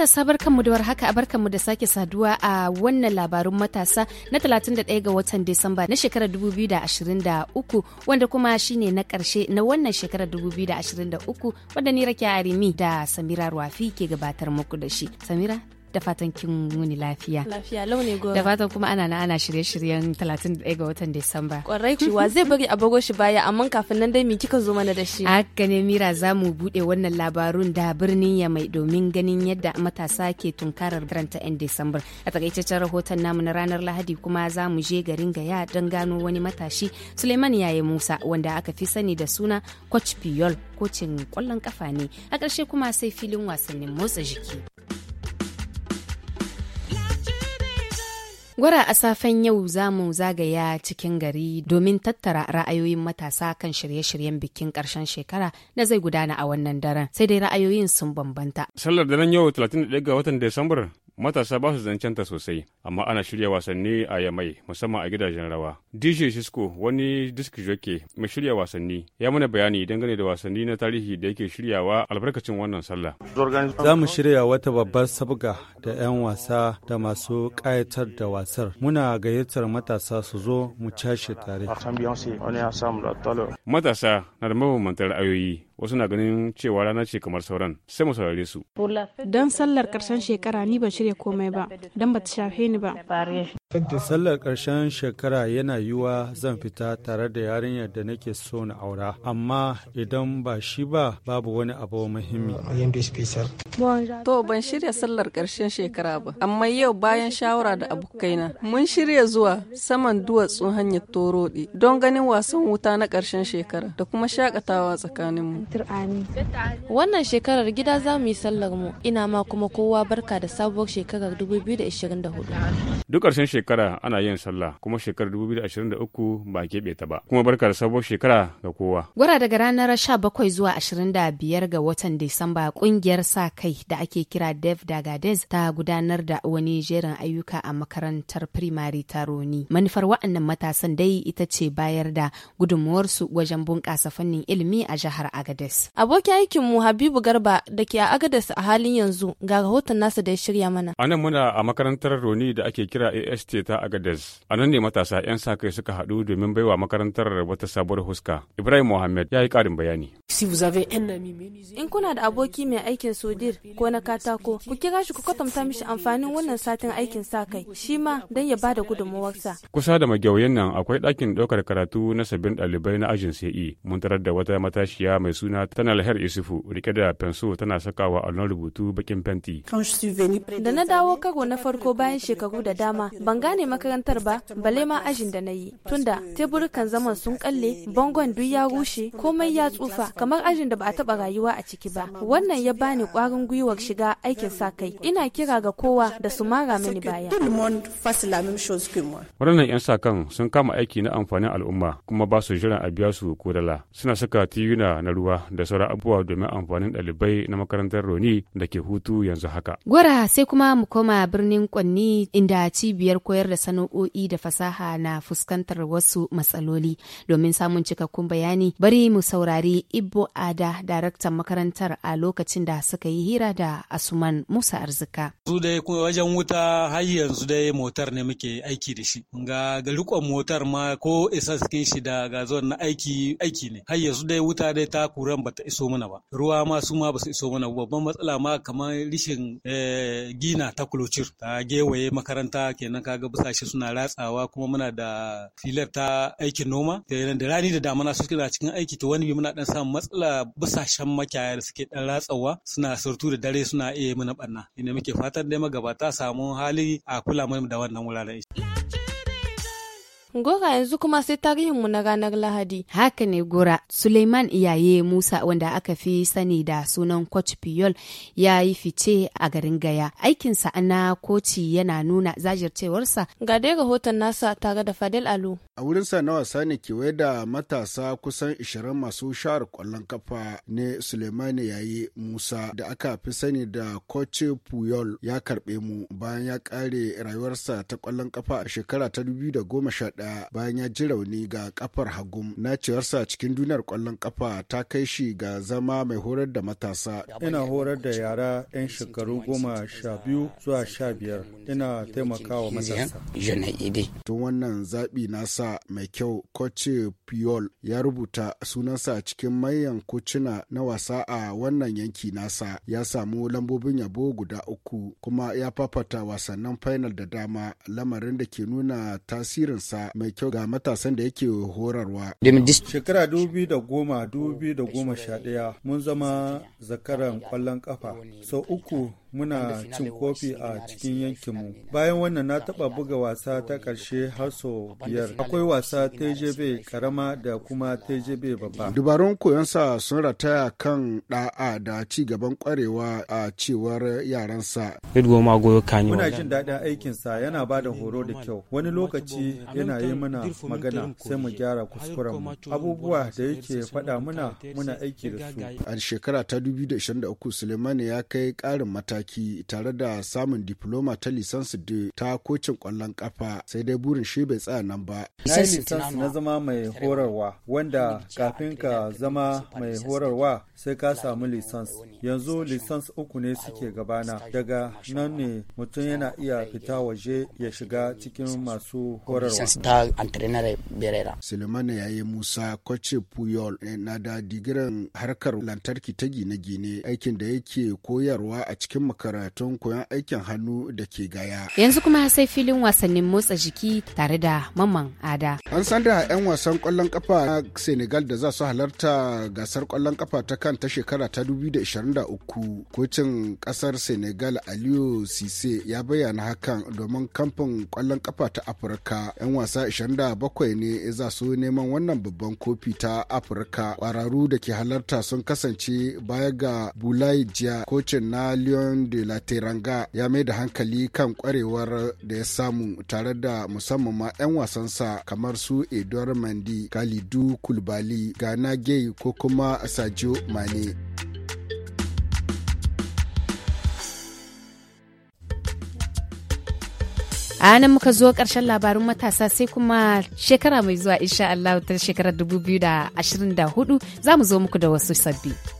matasa barkanmu da warhaka a barkanmu da sake saduwa a wannan labarun matasa na 31 ga watan Disamba na shekarar 2023 wanda kuma shine na karshe na wannan shekarar 2023 wanda ni rake Arimi da Samira ruwafi ke gabatar muku da shi. Samira da fatan kin muni lafiya. Lafiya launi goma. Da fatan kuma ana na ana shirye-shiryen 31 ga watan Disamba. Kwarai kuwa zai bari a bago shi baya amma kafin nan dai mi kika zo mana da shi? Haka ne Mira za mu bude wannan labarun da birnin ya mai domin ganin yadda matasa ke tunkarar karanta 'yan Disamba. A takaitaccen rahoton namu na ranar Lahadi kuma za mu je garin Gaya don gano wani matashi Suleiman Yaye Musa wanda aka fi sani da suna Coach Piyol kocin kwallon kafa ne. A ƙarshe kuma sai filin wasannin motsa jiki. Gwara a safen yau za mu zagaya cikin gari domin tattara ra'ayoyin matasa kan shirye-shiryen bikin ƙarshen shekara na zai gudana a wannan daren sai dai ra'ayoyin sun bambanta. Sallar daren yau 31 ga watan Desambar matasa ba su zancanta sosai amma ana shirya wasanni a yamai musamman a gidajen rawa dj shisko wani disk joke mai shirya wasanni ya mana bayani dangane da wasanni na tarihi da yake shiryawa albarkacin wannan sallah za mu shirya wata babbar sabga da 'yan wasa da masu ƙayatar da wasar muna gayyatar matasa su zo mu cashe tare matasa na da mabambantar ra'ayoyi wasu na ganin cewa rana ce kamar sauran sai mu saurare su. Don sallar karshen shekara ni ban shirya komai ba don ba ta shafe ni ba. Sallar ƙarshen shekara yana yiwuwa zan fita tare da yarinyar da nake so na aura, amma idan ba shi ba babu wani abu muhimmi. To ban shirya sallar ƙarshen shekara ba, amma yau bayan shawara da abokaina mun shirya zuwa saman duwatsun hanyar Torodi don ganin wasan wuta na ƙarshen shekara da kuma shakatawa tsakaninmu. Wannan shekarar gida za mu yi sallar mu, ina ma kuma kowa barka da sabuwar shekarar 2024. Duk ƙarshen shekara ana yin sallah kuma shekarar 2023 ba keɓe ta ba. Kuma barkar sabuwar shekara ga kowa. Gwara daga ranar sha bakwai zuwa biyar ga watan Disamba kungiyar sa kai da ake kira Dev Dagades ta gudanar da wani jerin ayyuka a makarantar firimari ta Roni. Manufar wa'annan matasan dai ita ce bayar da gudunmuwarsu wajen bunƙasa fannin ilimi a jihar Agades. Abokin aikin mu Habibu Garba da ke a Agades a halin yanzu ga hoton nasa da ya shirya mana. A nan muna a makarantar Roni da ake kira AST ce ta Agadez. A nan ne matasa 'yan sa kai suka haɗu domin baiwa makarantar wata sabuwar huska. Ibrahim Mohammed ya yi ƙarin bayani. In kuna da aboki mai aikin sodir ko na katako, ku kira shi ku kwatanta mishi amfanin wannan satin aikin sa kai, shi ma don ya bada gudunmawarsa. Kusa da magyauyen nan akwai ɗakin ɗaukar karatu na sabbin ɗalibai na ajin CE. Mun tarar da wata matashiya mai suna tana lahar Isufu rike da fenso tana sakawa allon rubutu bakin fenti. Da na dawo karo na farko bayan shekaru da dama ban gane makarantar ba bale ma ajin da na yi tunda teburukan zaman sun kalle bangon duk ya rushe komai ya tsufa kamar ajin da ba a taba rayuwa a ciki ba wannan ya bani kwarin gwiwar shiga aikin sa kai ina kira ga kowa da su mara mini baya waɗannan 'yan sa kan sun kama aiki na amfanin al'umma kuma ba su jiran a biya su kodala suna saka tiyuna na ruwa da sauran abubuwa domin amfanin ɗalibai na makarantar roni da ke hutu yanzu haka gwara sai kuma mu koma birnin kwanni inda cibiyar koyar da sana'o'i da fasaha na fuskantar wasu matsaloli. Domin samun cikakkun bayani, bari mu saurari Ibo Ada, daraktan makarantar a lokacin da suka yi hira da Asuman Musa Arzika. Su dai wajen wuta har yanzu dai motar ne muke aiki da shi. Ga ga motar ma ko isa cikin shi da zuwan na aiki aiki ne. Har yanzu dai wuta dai ta kuran bata iso mana ba. Ruwa ma su ma basu iso mana babban matsala ma kamar rishin eh, gina ta kulocir ta gewaye makaranta kenan ka ga busashe suna ratsawa kuma muna da filar ta aikin noma da rani da damana su suna cikin aiki to wani bi muna dan samun matsala busashen makiyaya da suke dan ratsawa suna surtu da dare suna iya mana barna ina muke fatan dai magabata samu hali a kula mu da wannan wuraren Gora yanzu kuma sai tarihin mu na ranar Lahadi. Haka ne Gora, Suleiman Iyaye Musa wanda aka fi sani da sunan Coach Piyol ya yi fice a garin Gaya. Aikinsa na koci yana nuna zajircewarsa. Ga dai rahoton nasa tare da Fadil Alu. A wurinsa na wasa ne kewaye da matasa kusan 20 masu shahar kwallon kafa ne Suleiman Iyaye Musa da aka fi sani da Coach Piyol ya karbe mu bayan ya kare rayuwarsa ta kwallon kafa a shekara ta 2011. ɗaya bayan ya ji rauni ga kafar hagum na ciyarsa cikin duniyar kwallon kafa ta kai shi ga zama mai horar da matasa ina horar da yara 'yan shekaru goma sha biyu zuwa sha biyar ina taimakawa matasa tun wannan zaɓi nasa mai kyau koce piol ya rubuta sunansa cikin mayan kucina na wasa a wannan yanki nasa ya samu lambobin yabo guda uku kuma ya fafata wasannin final da dama lamarin da ke nuna tasirinsa mai kyau ga matasan da yake horarwa. Shekara dubi da goma dubi da goma sha ɗaya mun zama zakaran kwallon kafa. Sau uku muna cin kofi a cikin yankinmu bayan wannan na taba buga wasa ta karshe har sau biyar akwai wasa tjb karama da kuma tjb babba dubarun sa sun rataya kan da'a da ci gaban kwarewa a cewar yaransa muna jin daɗin aikinsa yana ba da horo da kyau wani lokaci yana yi mana magana sai mu gyara kuskuren abubuwa da yake faɗa muna muna aiki da su a shekara ta 2023 suleimani ya kai ƙarin mata mataki tare da samun diploma ta lisansi da ta kocin kwallon kafa sai dai burin shi bai tsaya nan ba. Na yi lisansi na zama mai horarwa wanda kafin ka zama mai horarwa sai ka samu lisans. Yanzu lisans uku ne suke gabana daga nan ne mutum yana iya fita waje ya shiga cikin masu horarwa. Sulemana ya yi Musa Kwace Puyol eh, na da digiran harkar lantarki ta gine-gine aikin da yake koyarwa a cikin makarantun koyon aikin hannu da ke gaya. Yanzu kuma sai filin wasannin motsa jiki tare da mamman ada. An san da 'yan wasan kwallon kafa na Senegal da za su halarta gasar kwallon kafa ta kan ta shekara ta 2023. Kocin kasar Senegal Aliyu Sise ya bayyana hakan domin kamfan kwallon kafa ta Afirka. 'Yan wasa 27 ne za su neman wannan babban kofi ta Afirka. Kwararru da ke halarta sun kasance baya ga Bulai Jiya kocin na Lyon Usman de la Teranga ya mai da hankali kan kwarewar da ya samu tare da musamman ma 'yan wasansa kamar su Edouard Mandi, Kalidu Kulbali, Gana Gay ko kuma sajo Mane. a nan muka zo ƙarshen labarin matasa sai kuma shekara mai zuwa insha Allah ta shekarar 2024 za mu zo muku da wasu sabbi.